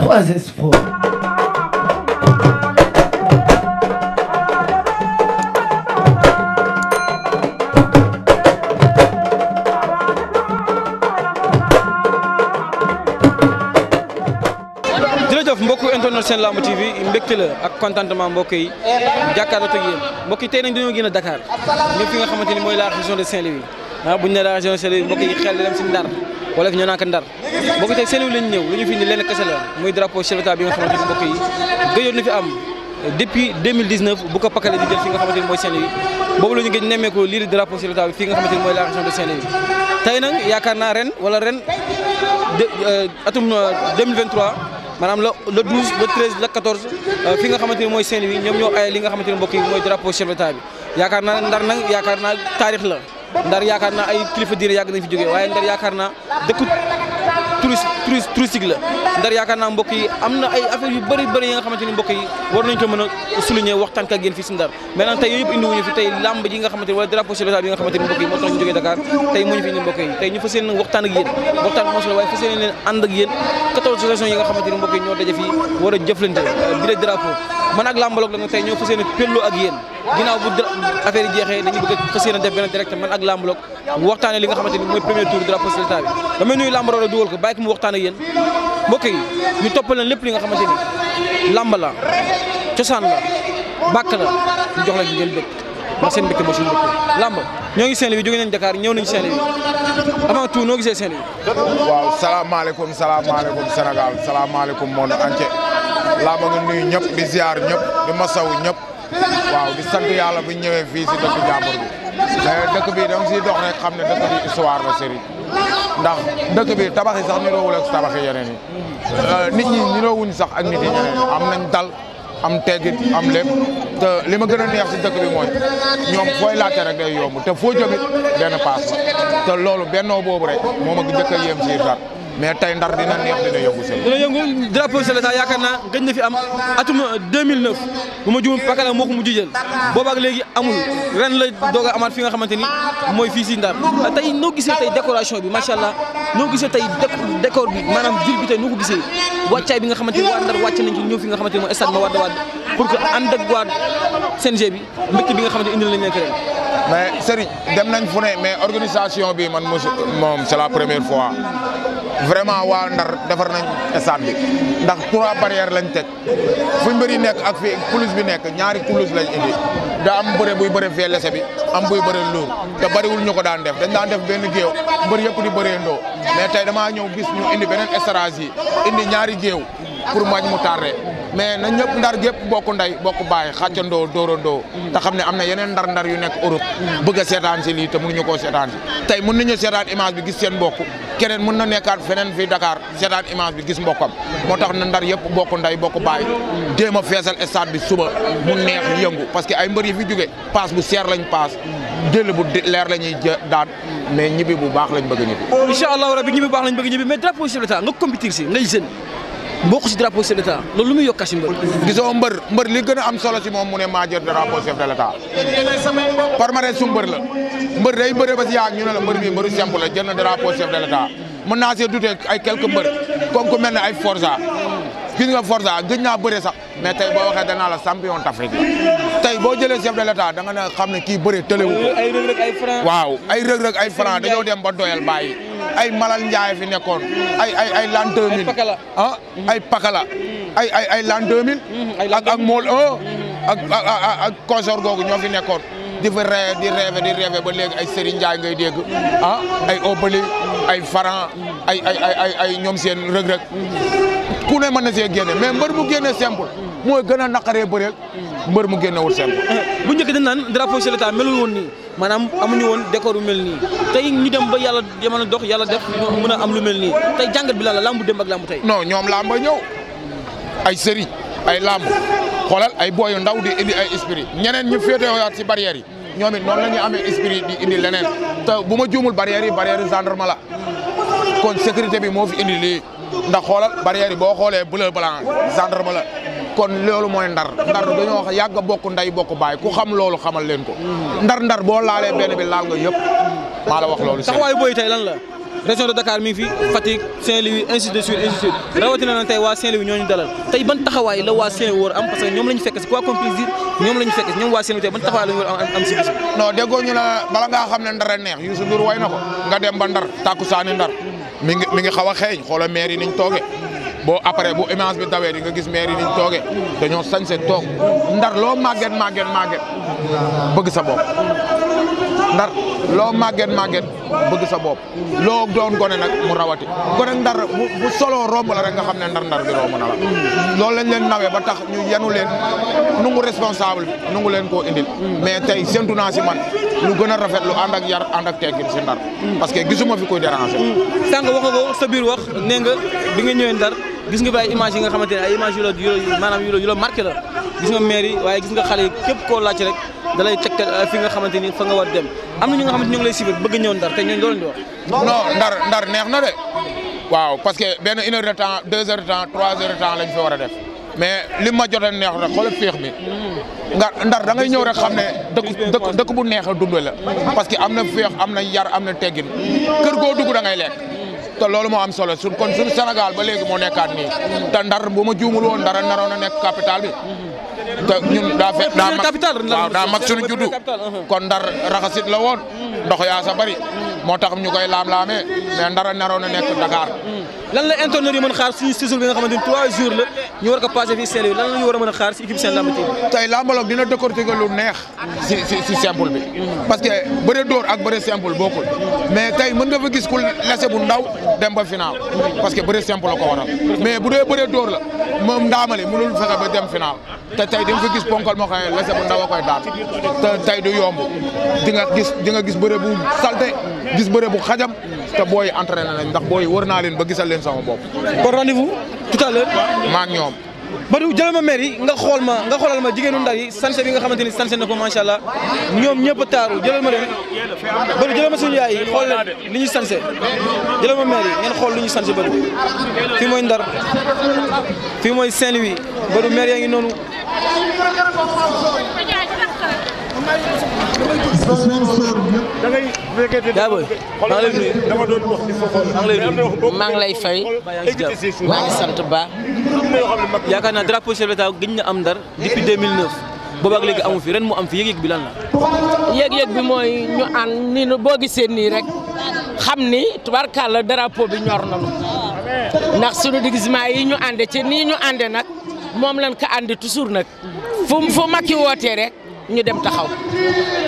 3S Pro. seen lamb TV mbégte la ak contentement mbokk yi jàkkaarloo ak yéen mbokk yi tey nañ dañoo génn Dakar ñu fi nga xamante ni mooy la région de Saint-Louis ah bu ñu nee la région de Saint-Louis mbokk yi xel di dem si Ndar wala fi ñu naan ko Ndar mbokk yi tey Saint-Louis ñëw lu ñu fi indi lenn kese la muy drapeau bi nga xamante ni mbokk yi gëjoon fi am depuis 2019 pakale di jël fi nga xamante naa ren wala ren euh, atum 2023 euh, maanaam le le 12 le 13 le 14 euh, fi nga xamante mooy Saint-Louis ñoom ñoo ay li nga xamante ni mbokk yi mooy drapeau chef d'état bi yaakaar naa ndar nag yaakaar naa taarix la ndar yaakaar naa ay kilifa diine yàgg nañ fi jógee waaye ndar yaakaar naa dëkku tourisme touristique ndar yaakaar naa mbokk am na ay affaire yu bëri bëri yi nga xamante ni mbokk yi war nañ mën a souligner waxtaan ak yéen fii si ndar mais nag yooyu indiwuñu fi tey lamb ji nga xamante ni wala drapeau yi nga xamante ni ñoo daje fii war a jëflante bi man ak lambaloog la nga tey mooy premier tour drapeau chef damay nuyu lambaloog dugal ko bàyyi ko mu ak yéen mbokk yi ñu toppaleen lépp li nga xamante ni làmb la cosaan la bàkk la ñu jox la ñu ngeen bëgg ndax seen mbégte mooy suñu mbégte làmb ñoo ngi Saint-Louis jóge nañ Dakar ñëw nañ Saint-Louis avant tout noo gisee Saint-Louis. waaw salaamaaleykum salaamaaleykum Sénégal salaamaaleykum monde entier làmb nga nuyu ñëpp di ziar ñëpp di masawu ñëpp waaw di sant yàlla bu ñëwee fii si dëkk jàmbur bi dëkk bi da nga siy dox ne dëkk bi histoire la Serigne. ndax dëkk bi tabax sax niroowul ak tabax yi yeneen yi euh, nit ñi niroowuñ sax ak nit yi ñeneen am nañ dal am teggit am lépp te li ma gën a neex si dëkk bi mooy ñoom fooy laajte rek day yomb te foo jëmit benn paas te loolu bennoo boobu rek moom ma njëkk a yéem si dara mais tey ndar dina neex dina yëngu seen. yaakaar naa gëj na fi am bu ma juumee Pakala moo ko mujj ren la doog a fi nga xamante ni mooy fii si ndar tey noo gisee tey décoration bi macha allah noo gisee bi maanaam jil bi tey gisee wàccaay bi nga xamante ni waa ndar wàcc nañ ci ñëw nga xamante ni mooy stade Mawade Wade nga xamante ni indil nañ leen ko mais Serigne dem nañ fu ne mais organisation bi man mosu moom c'est la première fois. vraiment waa Ndar defar nañ stade bi ndax trois barrières lañ teg fu mbër yi nekk ak fi pelouse bi nekk ñaari pelouse lañ indi da am bëre buy bëre fee lese bi am buy bëre loolu te bari bariwul ñu ko daan def dañ daan def benn géew mbër yëpp di bëree ndoo mais tey damaa ñëw gis ñu indi beneen stratégie indi ñaari géew pour maj mu tarre mais na ñëpp ndar gépp bokk nday bokk baay bàyyi xàccandoo dóorandoo te xam ne am na yeneen ndar-ndar yu nekk Europe bëgg a seetaan si lii te mënuñu koo seetaan tey mën nañu seetaan image bi gis seen bokk keneen mën na nekkaat feneen fii Dakar seetaan image bi gis mbokkam moo tax na ndar yëpp bokk nday bokk baay jéem a feesal stade bi suba mu neex yëngu parce que ay mbër yi fi jóge paas bu seer lañ paas jël bu leer la ñuy daan mais ñibbi bu baax lañ bëgg ñibbi. incha allahu rabi ñibbi bu baax lañ bëgg ñibbi mais drapeau chef nga compétir si ngay bokk si drapeau chef de l'état loolu lu muy yokk si mbër. gisoo mbër mbër li gën am solo si moom mu maa jël drapeau chef de l'état. palmarès su mbër la mbër day bëre ba si yaag ñu ne la mbër mi mbëru simple la jël na drapeau chef de l'état mën naa see dute ay quelques mbër comme ku mel ne ay Forza. gis nga Forza gëj naa bëre sax mais tey boo waxee danaa la champion d'Afrique la tey boo jëlee chef de l'état da nga ne xam ne kii bëre tëlewu waaw ay rëg rëg ay franc dañoo dem ay Malal Ndiaye fi nekkoon ay ay ay l'an 2000 ah ay Pakala mm-hmm. ay ay ay l'an 2000 mm-hmm. ak ak mool 1 mm-hmm. ak ak consort ñoo fi nekkoon di fa ree di reewe di ba léegi ay Serigne Ndiaye ngay dégg a ah, ay Obali ay Faran ay ay ay ay ñoom seen rëg-rëg ku ne mën na see génne mais mbër mu génne simple mooy gën a naqaree bëreel mbër mu génne wul simple eh, bu njëkk dañ naan drapeau chef de maanaam amuñu woon décor bu mel nii tey ñu dem ba yàlla jamono dox yàlla def ñu mën a am lu mel nii tey jàngat bi la lambu dem ak lambu tey. non ñoom lamba ñëw ay sëriñ ay lamb xoolal ay booyu ndaw di indi ay esprit ñeneen ñu féetewaat ci barrières yi ñoom it noonu la ñuy amee esprit di indi leneen te bu ma juumul barrières yi barrière gendarme la kon sécurité bi moo fi indi lii ndax xoolal barrière yi boo xoolee bleu blanc gendarme la. kon loolu mooy ndar ndar dañoo yàgg bokk nday bokk baay ku xam loolu xamal leen ko ndar ndar boo laalee benn bi laal nga yëpp maa la wax loolu taxawaayu booy tey lan la région de Dakar mi fi Fatick Saint-Louis ainsi de rawatina nag tey ban taxawaay la waa Saint-Louis war am parce que ñoom la ñu fekk si quoi ñoom la ñu fekk si ñoom waa Saint-Louis tey ban taxawaay la ñu war am am si bis non la bala ngaa xam ne ndara neex Youssou Ndour dem ba ndar tàkku saani ndar mi ngi mi ngi xaw a xeeñ xoola maire yi niñ toogee boo après bu image bi dawee di nga gis maire yi niñ toogee dañoo sañse toog ndar loo màgget màgget màgget bëgg sa bopp ndar loo màgget màgget bëgg sa bopp loo doon gone nag mu rawati gone ndar bu solo romb la rek nga xam ne ndar ndar bi romb na la loolu lañ leen nawee ba tax ñu yanu leen nungu responsable bi nungu leen ko indil mais tey séntu naa si man lu gën a rafet lu ànd ak yar ànd ak teggin si ndar parce que gisuma fi koy déranger sànq wax nga sa biir wax nee nga bi nga ñëwee ndar gis nga fi ay image yi nga xamante ne ay image yu la yu maanaam yu la marqué la gis nga maire waaye gis nga xale yi képp koo laajte rek da lay tegtal fi nga xamante ni fa nga war dem am na ñu nga xamante ñu ngi lay suivre bëgg ñëw ndar te ñooñu loolu ñu wax. neex na de waaw parce que benn une heure de temps deux heures de temps trois heures de a def mais li ma jot a neex rek xoolal féex bi. nga ndar da ngay ñëw rek xam ne dëkk dëkk bu neex a dund la. parce que am na féex am na yar am na teggin kër goo dugg da ngay lekk. te loolu moo am solo suñ kon suñu Sénégal ba léegi moo nekkaat nii te ndar bu ma woon ndara naroon a nekk capital bi te ñun daa fekk daa mag waaw daa mag suñu uh-huh. kon ndar raxasit la woon ndox yaa sa bari moo tax ñu koy laam-laamee mais ndara naroon na nekk Dakar. Hmm. lan la internet yi mën xaar suñu séjour bi nga xamante a mën a xaar si si si si simple bi. parce que bëre dóor ak bëre simple bokkul. mais tey mën nga fa gis ku lese bu ndaw dem ba final. parce que bëre simple ko waral. mais bu dee bëre dóor la moom ndaamali mënul fexe ba dem final. te di fa gis ponkal moo xam ne lese bu ndaw koy daan te tey yomb di nga gis di nga gis bëre bu salté gis bëre bu xajam te booy entraîné nañ ndax booy wër naa leen ba gisal leen sama bopp. kon rendez-vous tout à l'heure maa ngi ñoom. Badou jëlal ma maire nga xool ma nga xoolal ma jigéenu ndar yi bi nga xamante ni sanse na allah ñoom ñëpp a taaru jëlal ma leen Badou jëlal ma suñu yaay yi xool leen li ñu sanse jëlal ma maire yi ngeen xool li ñu sanse Badou fii mooy Ndar fii mooy Saint-Louis Badou maire yaa ngi noonu. sponsor maa ngi lay fay maa ngi sant ba yaakaar naa drapeau chef d'état gëj na am ndar depuis 2009 boobaak léegi amu fi ren mu am fi yëg-yëg bi lan la. yëg-yëg bi mooy ñu ànd ni boo gisee nii rek xam ni tubarkàlla drapeau bi ñor na lu ndax sunu déguisement yi ñu ànde ci nii ñu ànde nag moom lañ ko àndi toujours nag fu mu fu Macky wootee rek. ñu dem taxaw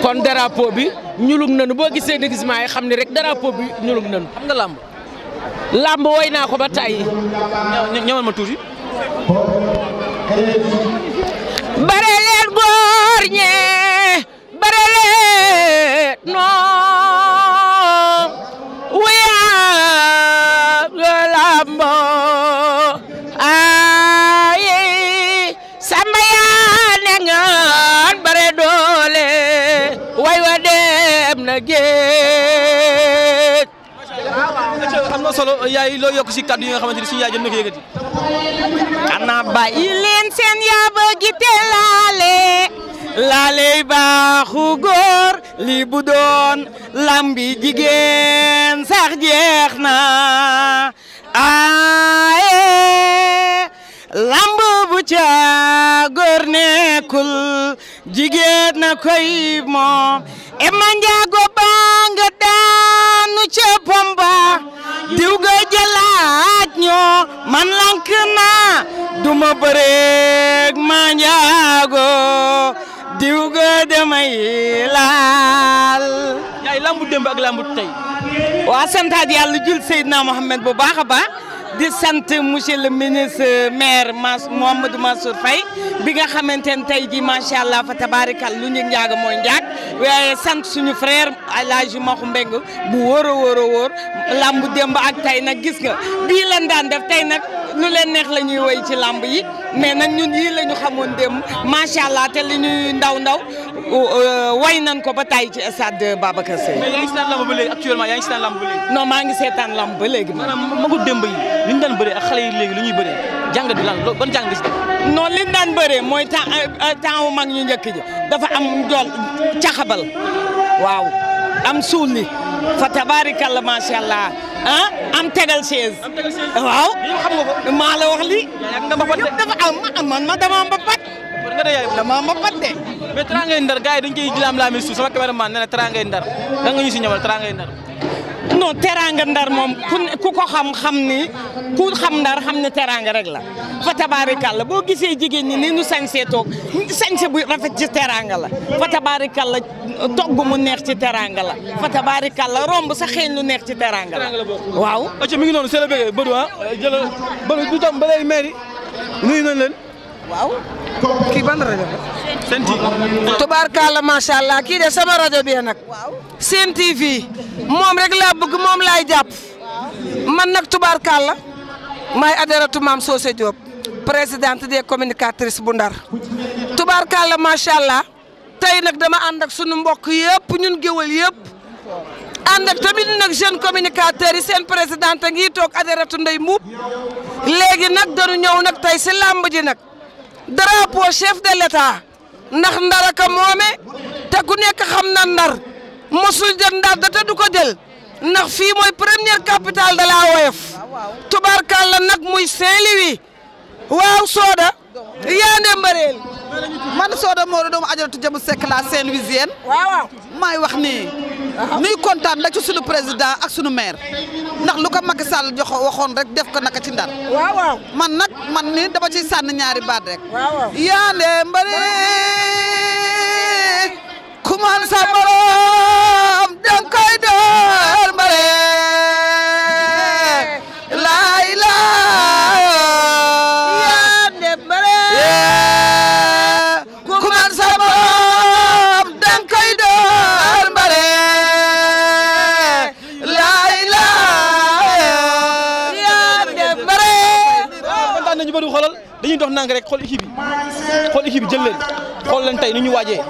kon drapeau bi ñulug nanu boo gisee déguisement yi xam ne rek drapeau bi ñulug nanu xam nga làmb làmb woy naa ko ba tàyyi ñëwal ma tuuti bare leen góor ñee am solo yaay loo yokk si kaddu yi nga yaay jëm na ko yëkkati. ana bàyyi leen seen yaaba laale laaley baaxu góor lii bu lambi jigéen sax jeex na aaye lamb bu ca góor nekkul jigéen na koy moom e ma njaago ba ak lambu tey. waa santaat yàlla jul Seydina Mohamed bu baax a baax di sant monsieur le ministre maire Mass Mouhamadou bi nga xamante ne tey jii macha allah fa tabaarikal lu ñu njaaga mooy njaag waaye sant suñu frère El Hadj Maxu Mbeng bu wóor a wóor a wóor lambu démb ak tey nag gis nga bii lan daan def tey nag. lu leen neex la ñuy woy ci làmb yi mais nag ñun yii la ñu xamoon démb macha allah te li ñuy ndaw ndaw euh, way nan ko ba tàyyi ci stade Babacar Seye. mais yaa ngi seetaan làmb ba léegi actuellement yaa ngi seetaan làmb ba léegi. non maa ngi seetaan làmb ba léegi. maanaam magu démb yi li ñu daan bëree ak xale yi léegi lu ñuy bëree jàngat bi lan ban jàngat si non li ñu daan mooy temps euh, euh, temps wu mag ñu njëkk ji dafa am dool caxabal waaw am suul ni fa tabaarikàlla macha allah. ah am tegal chaise. am tegal chaise waaw. yow xam nga ko. la wax lii. nga mbapat de dafa am man ma dama mbapat. war nga de yaay dama mbapat de. mais Teraangay yi dañ koy jilaam laamee suuf sama cameraman Ndar lan nga ñu si ñëwal Ndar. non teraanga ndar moom ku ko xam xam ni ku xam ndar xam ne teraanga rek la fa la boo gisee jigéen ñi ni ñu sañsee toog sañse bu rafet ci teraanga la fa tabaarikàlla togg mu neex ci teraanga la fa tabaarikàlla romb sa xeeñ lu neex ci teraanga la waaw. acca mi ngi noonu seen bëgg Badou ah jëlal Badou du tam ba léegi mairie nuyu nañ leen. waaw Sen TV tubaarkalla macha allah kii de sama rajo bi nag Sen TV moom rek laa bëgg moom laay jàpp man nag tubaarkalla maay adhératu Mame Socé Diop présidente des communicatrices bu tubaar tubaarkalla macha allah tey nag dama ànd ak sunu mbokk yëpp ñun géwal yëpp ànd tamit nag jeune communicateur yi seen présidente ngi toog adhératu Ndeye Mboup léegi nag dañu ñëw nag tey si làmb ji nag drapeau chef de l' état ndax ndar aka moome te ku nekk xam na ndar mosul jël ndar da te du ko jël ndax fii mooy première capitale de la woyof tubaarkàlla nag muy Saint-Louis waaw Soda yaa ne mbareel man Soda Modou doomu ajaratu jëmu sekk la Saint-Louisienne waaw waaw wax nii nuy kontaan la ci sunu président ak sunu maire ndax lu ko Macky Sall jox waxoon rek def ko naka ci ndar. man nag man ni dama ciy sànni ñaari baat rek. waaw waaw yaande mbare kuman na ñu bëri xoolal dañuy dox ndànk rek xool équipe bi xool équipe bi jël leen xool leen tey ni ñu waajee.